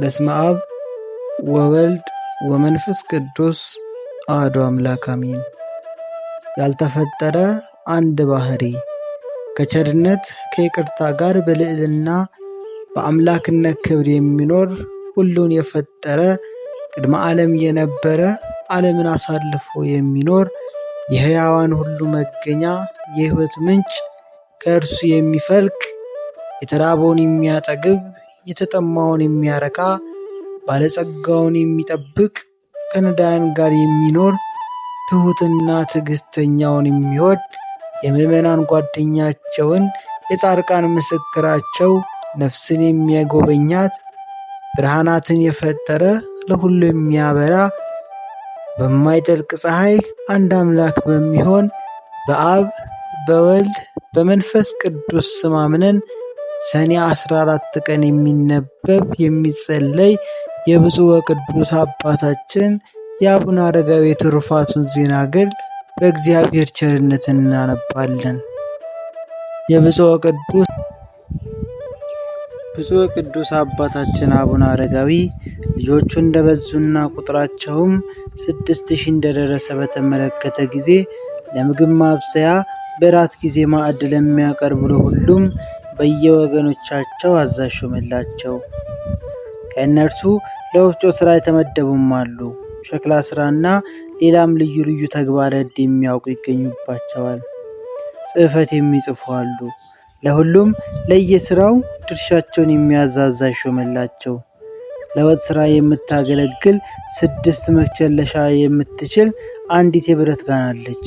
በስመ አብ ወወልድ ወመንፈስ ቅዱስ አሐዱ አምላክ አሜን። ያልተፈጠረ አንድ ባህሪ ከቸርነት ከይቅርታ ጋር በልዕልና በአምላክነት ክብር የሚኖር ሁሉን የፈጠረ ቅድመ ዓለም የነበረ ዓለምን አሳልፎ የሚኖር የሕያዋን ሁሉ መገኛ የሕይወት ምንጭ ከእርሱ የሚፈልቅ የተራበውን የሚያጠግብ የተጠማውን የሚያረካ ባለጸጋውን የሚጠብቅ ከነዳያን ጋር የሚኖር ትሑትና ትዕግሥተኛውን የሚወድ የምዕመናን ጓደኛቸውን የጻድቃን ምስክራቸው ነፍስን የሚያጎበኛት ብርሃናትን የፈጠረ ለሁሉ የሚያበራ በማይጠልቅ ፀሐይ አንድ አምላክ በሚሆን በአብ በወልድ በመንፈስ ቅዱስ ስም አምነን ሰኔ 14 ቀን የሚነበብ የሚጸለይ የብፁዕ ወቅዱስ አባታችን የአቡነ አረጋዊ ትሩፋቱን ዜና ግል በእግዚአብሔር ቸርነት እናነባለን። የብፁዕ ወቅዱስ ብፁዕ ወቅዱስ አባታችን አቡነ አረጋዊ ልጆቹ እንደበዙና ቁጥራቸውም ስድስት ሺህ እንደደረሰ በተመለከተ ጊዜ ለምግብ ማብሰያ በራት ጊዜ ማዕድ ለሚያቀርብ ለሁሉም በየወገኖቻቸው አዛዥ ሾመላቸው። ከእነርሱ ለወፍጮ ሥራ የተመደቡም አሉ። ሸክላ ሥራና ሌላም ልዩ ልዩ ተግባረ እድ የሚያውቁ ይገኙባቸዋል። ጽሕፈት የሚጽፉ አሉ። ለሁሉም ለየሥራው ድርሻቸውን የሚያዝ አዛዥ ሾመላቸው። ለወጥ ሥራ የምታገለግል ስድስት መቸለሻ የምትችል አንዲት የብረት ጋን አለች።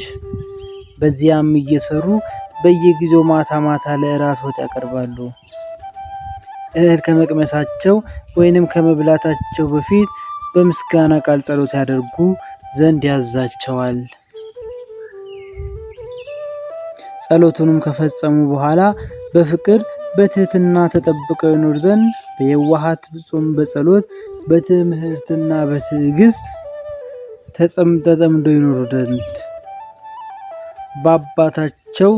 በዚያም እየሰሩ በየጊዜው ማታ ማታ ለእራት ወጥ ያቀርባሉ። እህል ከመቅመሳቸው ወይንም ከመብላታቸው በፊት በምስጋና ቃል ጸሎት ያደርጉ ዘንድ ያዛቸዋል። ጸሎቱንም ከፈጸሙ በኋላ በፍቅር በትህትና ተጠብቀው ይኖር ዘንድ በየዋሃት ጾም በጸሎት በትምህርትና በትዕግስት ተጠምደው ይኖሩ ዘንድ በአባታቸው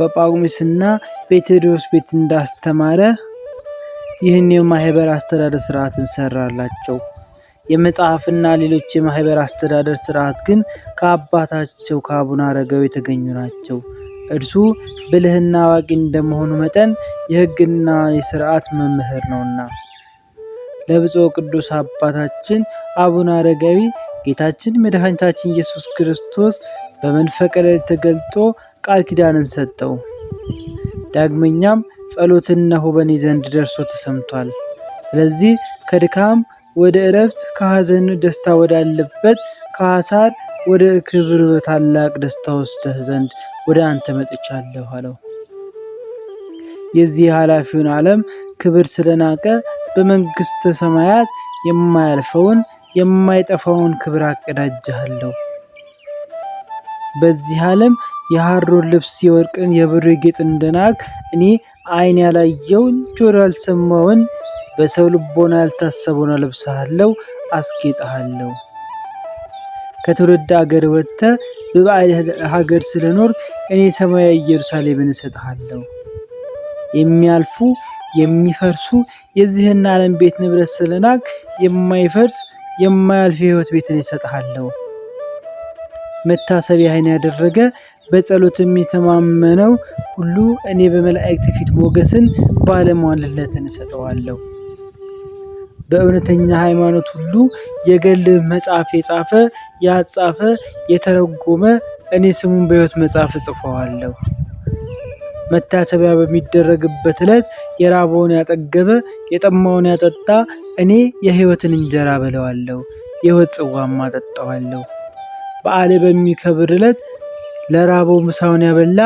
በጳጉሜስና በቴዎድሮስ ቤት እንዳስተማረ ይህን የማህበር አስተዳደር ስርዓትን ሰራላቸው። የመጽሐፍና ሌሎች የማህበር አስተዳደር ስርዓት ግን ከአባታቸው ከአቡነ አረጋዊ የተገኙ ናቸው። እርሱ ብልህና አዋቂ እንደመሆኑ መጠን የህግና የስርዓት መምህር ነውና። ለብፁዕ ቅዱስ አባታችን አቡነ አረጋዊ ጌታችን መድኃኒታችን ኢየሱስ ክርስቶስ በመንፈቀ ሌሊት ተገልጦ ቃል ኪዳንን ሰጠው። ዳግመኛም ጸሎትና ሆበኔ ዘንድ ደርሶ ተሰምቷል። ስለዚህ ከድካም ወደ እረፍት፣ ከሐዘን ደስታ ወዳለበት፣ ከሐሳር ወደ ክብር በታላቅ ደስታ ወስደህ ዘንድ ወደ አንተ መጥቻለሁ አለው። የዚህ ኃላፊውን ዓለም ክብር ስለናቀ በመንግሥተ ሰማያት የማያልፈውን የማይጠፋውን ክብር አቀዳጀሃለሁ። በዚህ ዓለም የሐሩር ልብስ የወርቅን የብር ጌጥ እንደናቅ እኔ አይን ያላየውን ጆሮ ያልሰማውን በሰው ልቦና ያልታሰበውን አለብሰሃለው አስጌጠሃለው። ከትውልድ አገር ወጥተ በባዕድ ሀገር ስለኖር እኔ ሰማያዊ ኢየሩሳሌምን እሰጥሃለሁ። የሚያልፉ የሚፈርሱ የዚህን ዓለም ቤት ንብረት ስለናቅ የማይፈርስ የማያልፍ የሕይወት ቤትን እሰጥሃለሁ። መታሰቢያህን ያደረገ በጸሎት የሚተማመነው ሁሉ እኔ በመላእክት ፊት ሞገስን ባለሟልነትን እሰጠዋለሁ። በእውነተኛ ሃይማኖት ሁሉ የገል መጽሐፍ የጻፈ ያጻፈ የተረጎመ እኔ ስሙን በሕይወት መጽሐፍ እጽፈዋለሁ። መታሰቢያ በሚደረግበት ዕለት የራበውን ያጠገበ የጠማውን ያጠጣ እኔ የሕይወትን እንጀራ በለዋለሁ፣ የሕይወት ጽዋም አጠጣዋለሁ። በዓሌ በሚከብር ዕለት ለራበው ምሳውን ያበላ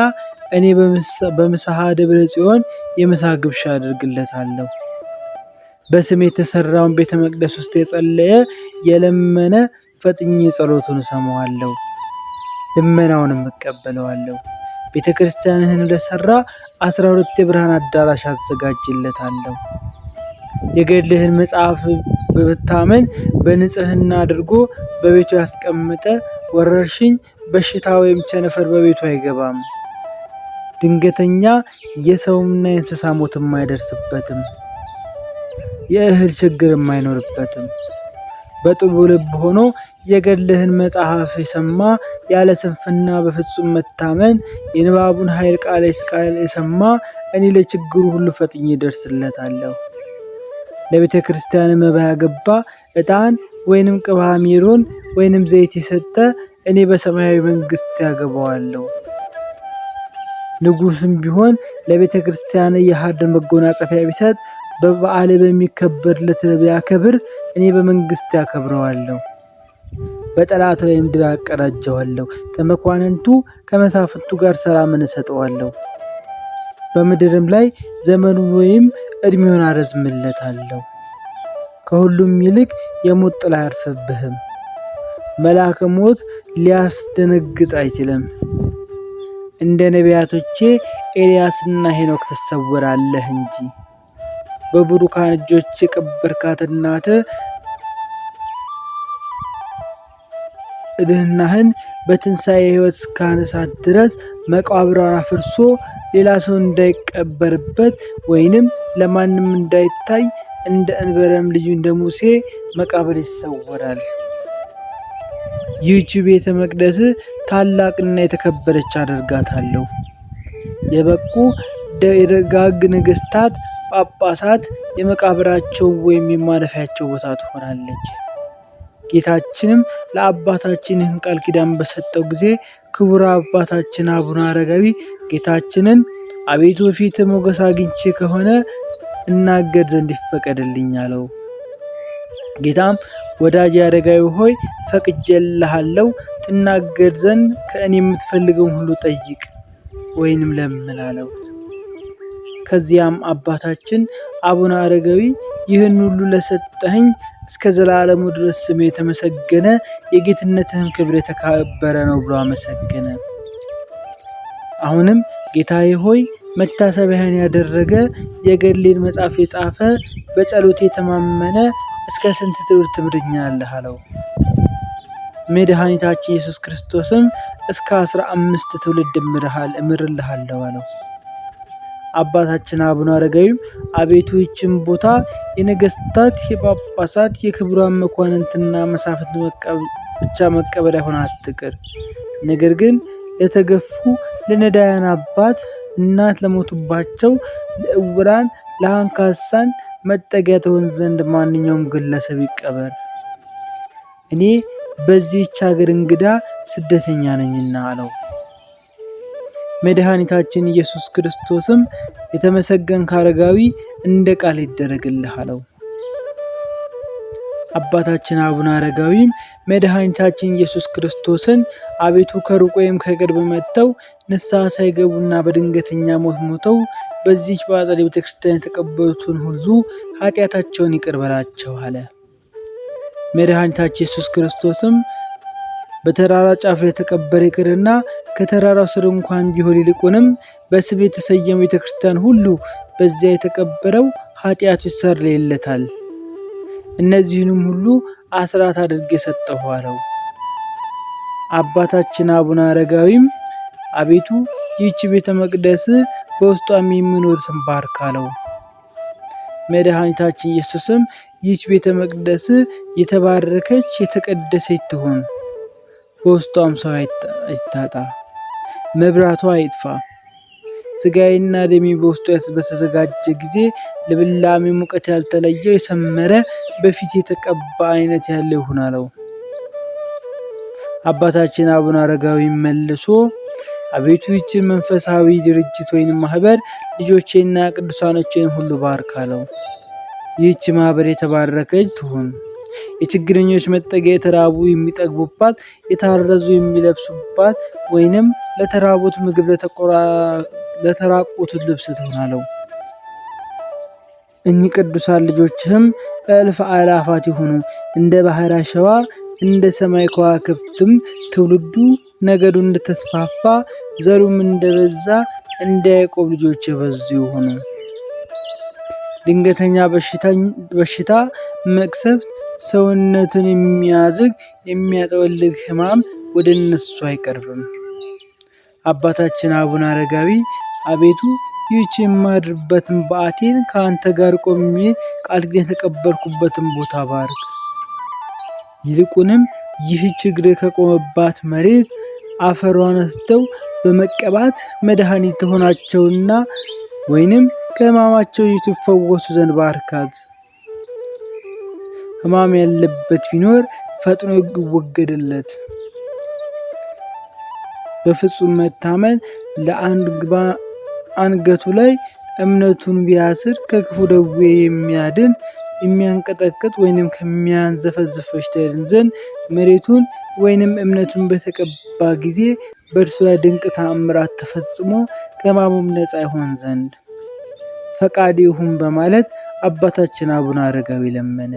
እኔ በምሳሐ ደብረ ጽዮን የምሳ ግብሻ አድርግለታለሁ። በስሜ የተሠራውን ቤተ መቅደስ ውስጥ የጸለየ የለመነ ፈጥኜ ጸሎቱን እሰማዋለሁ፣ ልመናውንም እቀበለዋለሁ። ቤተ ክርስቲያንህን ለሠራ አስራ ሁለት የብርሃን አዳራሽ አዘጋጅለታለሁ። የገድልህን መጽሐፍ በመታመን በንጽህና አድርጎ በቤቱ ያስቀመጠ ወረርሽኝ፣ በሽታ ወይም ቸነፈር በቤቱ አይገባም። ድንገተኛ የሰውምና የእንስሳ ሞትም አይደርስበትም። የእህል ችግርም አይኖርበትም። በጥቡ ልብ ሆኖ የገድልህን መጽሐፍ የሰማ ያለ ስንፍና በፍጹም መታመን የንባቡን ኃይል ቃል የሰማ እኔ ለችግሩ ሁሉ ፈጥኜ ደርስለታለሁ። ለቤተ ክርስቲያን መባ ያገባ ዕጣን ወይንም ቅባ ሚሮን ወይንም ዘይት የሰጠ እኔ በሰማያዊ መንግሥት ያገባዋለሁ። ንጉሥም ቢሆን ለቤተ ክርስቲያን የሀርድ መጎናጸፊያ ቢሰጥ በበዓል በሚከበርለት ቢያከብር እኔ በመንግሥት ያከብረዋለሁ። በጠላቱ ላይም ድል አቀዳጀዋለሁ። ከመኳንንቱ ከመሳፍንቱ ጋር ሰላምን እሰጠዋለሁ። በምድርም ላይ ዘመኑን ወይም እድሜውን አረዝምለታለሁ። ከሁሉም ይልቅ የሞት ጥላ አያርፍብህም። መልአከ ሞት ሊያስደነግጥ አይችልም። እንደ ነቢያቶቼ ኤልያስና ሄኖክ ትሰወራለህ እንጂ በብሩካን እጆች የቀበርካት እናትህ እድህናህን በትንሣኤ ሕይወት እስካነሳት ድረስ መቃብሯን አፍርሶ ሌላ ሰው እንዳይቀበርበት ወይንም ለማንም እንዳይታይ እንደ እንበረም ልጁ እንደ ሙሴ መቃብር ይሰወራል። ይህች ቤተ መቅደስ ታላቅና የተከበረች አደርጋታለሁ። የበቁ የደጋግ ነገስታት ጳጳሳት የመቃብራቸው ወይም የማረፊያቸው ቦታ ትሆናለች። ጌታችንም ለአባታችን ይህን ቃል ኪዳን በሰጠው ጊዜ ክቡር አባታችን አቡነ አረጋዊ ጌታችንን አቤቱ ፊት ሞገስ አግኝቼ ከሆነ እናገድ ዘንድ ይፈቀድልኝ አለው። ጌታም ወዳጅ አረጋዊ ሆይ ፈቅጄልሃለሁ፣ ትናገድ ዘንድ ከእኔ የምትፈልገውን ሁሉ ጠይቅ ወይንም ለምን አለው። ከዚያም አባታችን አቡነ አረጋዊ ይህን ሁሉ ለሰጠኸኝ እስከ ዘላለሙ ድረስ ስም የተመሰገነ የጌትነትህም ክብር የተካበረ ነው ብሎ አመሰገነ። አሁንም ጌታዬ ሆይ መታሰቢያህን ያደረገ የገሌን መጽሐፍ የጻፈ በጸሎት የተማመነ እስከ ስንት ትውልድ ትምረኛለህ? አለው። መድኃኒታችን ኢየሱስ ክርስቶስም እስከ አስራ አምስት ትውልድ እምርልሃለሁ አለው። አባታችን አቡነ አረጋዊም አቤቱ ይችን ቦታ የነገስታት የጳጳሳት የክቡራን መኳንንትና መሳፍንት ብቻ መቀበል አይሆን አትቅር፣ ነገር ግን ለተገፉ ለነዳያን አባት እናት ለሞቱባቸው ለእውራን ለአንካሳን መጠጊያ ትሆን ዘንድ ማንኛውም ግለሰብ ይቀበል። እኔ በዚህች ሀገር እንግዳ ስደተኛ ነኝና አለው። መድኃኒታችን ኢየሱስ ክርስቶስም የተመሰገንክ አረጋዊ እንደ ቃል ይደረግልህ አለው። አባታችን አቡነ አረጋዊም መድኃኒታችን ኢየሱስ ክርስቶስን አቤቱ ከሩቅ ወይም ከቅርብ መጥተው ንስሐ ሳይገቡና በድንገተኛ ሞት ሞተው በዚች በአጸደ ቤተ ክርስቲያን የተቀበሉትን ሁሉ ኃጢአታቸውን ይቅር በላቸው አለ። መድኃኒታችን ኢየሱስ ክርስቶስም በተራራ ጫፍ ላይ የተቀበረ ይቅርና ከተራራው ስር እንኳን ቢሆን ይልቁንም በስም የተሰየመ ቤተ ክርስቲያን ሁሉ በዚያ የተቀበረው ኃጢአቱ ይሰረይለታል። እነዚህንም ሁሉ አስራት አድርጌ ሰጠሁ አለው። አባታችን አቡነ አረጋዊም አቤቱ ይህች ቤተ መቅደስ በውስጧም የሚኖሩትን ባርክ አለው። መድኃኒታችን ኢየሱስም ይህች ቤተ መቅደስ የተባረከች የተቀደሰች ትሆን በውስጧም ሰው አይታጣ፣ መብራቷ አይጥፋ። ስጋዬና ደሜ በውስጡ በተዘጋጀ ጊዜ ልብላሜ ሙቀት ያልተለየው የሰመረ በፊት የተቀባ አይነት ያለ ይሁን አለው። አባታችን አቡነ አረጋዊ መልሶ አቤቱ ይችን መንፈሳዊ ድርጅት ወይም ማህበር ልጆቼና ቅዱሳኖቼን ሁሉ ባርክ አለው። ይህች ማህበር የተባረከች ትሁን። የችግረኞች መጠጊያ የተራቡ የሚጠግቡባት፣ የታረዙ የሚለብሱባት ወይንም ለተራቡት ምግብ ለተራቆቱት ልብስ ትሆናለው። እኚህ ቅዱሳን ልጆችህም እልፍ አላፋት ይሆኑ እንደ ባህር አሸዋ እንደ ሰማይ ከዋክብትም ትውልዱ ነገዱ እንደተስፋፋ ዘሩም እንደበዛ እንደ ያዕቆብ ልጆች የበዙ ይሆኑ ድንገተኛ በሽታ መቅሰፍት ሰውነትን የሚያዝግ የሚያጠወልግ ህማም ወደ እነሱ አይቀርብም። አባታችን አቡነ አረጋዊ አቤቱ ይህች የማድርበትን በአቴን ከአንተ ጋር ቆሜ ቃል ኪዳን የተቀበልኩበትን ቦታ ባርክ። ይልቁንም ይህች ችግር ከቆመባት መሬት አፈሯን ወስደው በመቀባት መድኃኒት ሆናቸውና ወይንም ከህማማቸው ይትፈወሱ ዘንድ ባርካት። ህማም ያለበት ቢኖር ፈጥኖ ይወገድለት። በፍጹም መታመን ለአንድ ግባ አንገቱ ላይ እምነቱን ቢያስር ከክፉ ደዌ የሚያድን የሚያንቀጠቅጥ ወይንም ከሚያንዘፈዝፍ በሽታ ዘንድ መሬቱን ወይንም እምነቱን በተቀባ ጊዜ በእርሱ ላይ ድንቅ ተአምራት ተፈጽሞ ከማሙም ነፃ ይሆን ዘንድ ፈቃድ ይሁን በማለት አባታችን አቡነ አረጋዊ ለመነ።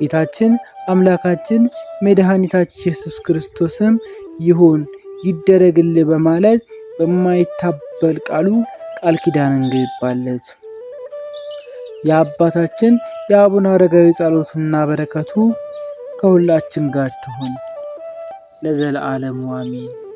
ጌታችን አምላካችን መድኃኒታችን ኢየሱስ ክርስቶስም ይሁን ይደረግል በማለት በማይታበል ቃሉ ቃል ኪዳን እንገባለት። የአባታችን የአቡነ አረጋዊ ጸሎቱና በረከቱ ከሁላችን ጋር ትሆን ለዘለዓለሙ አሜን።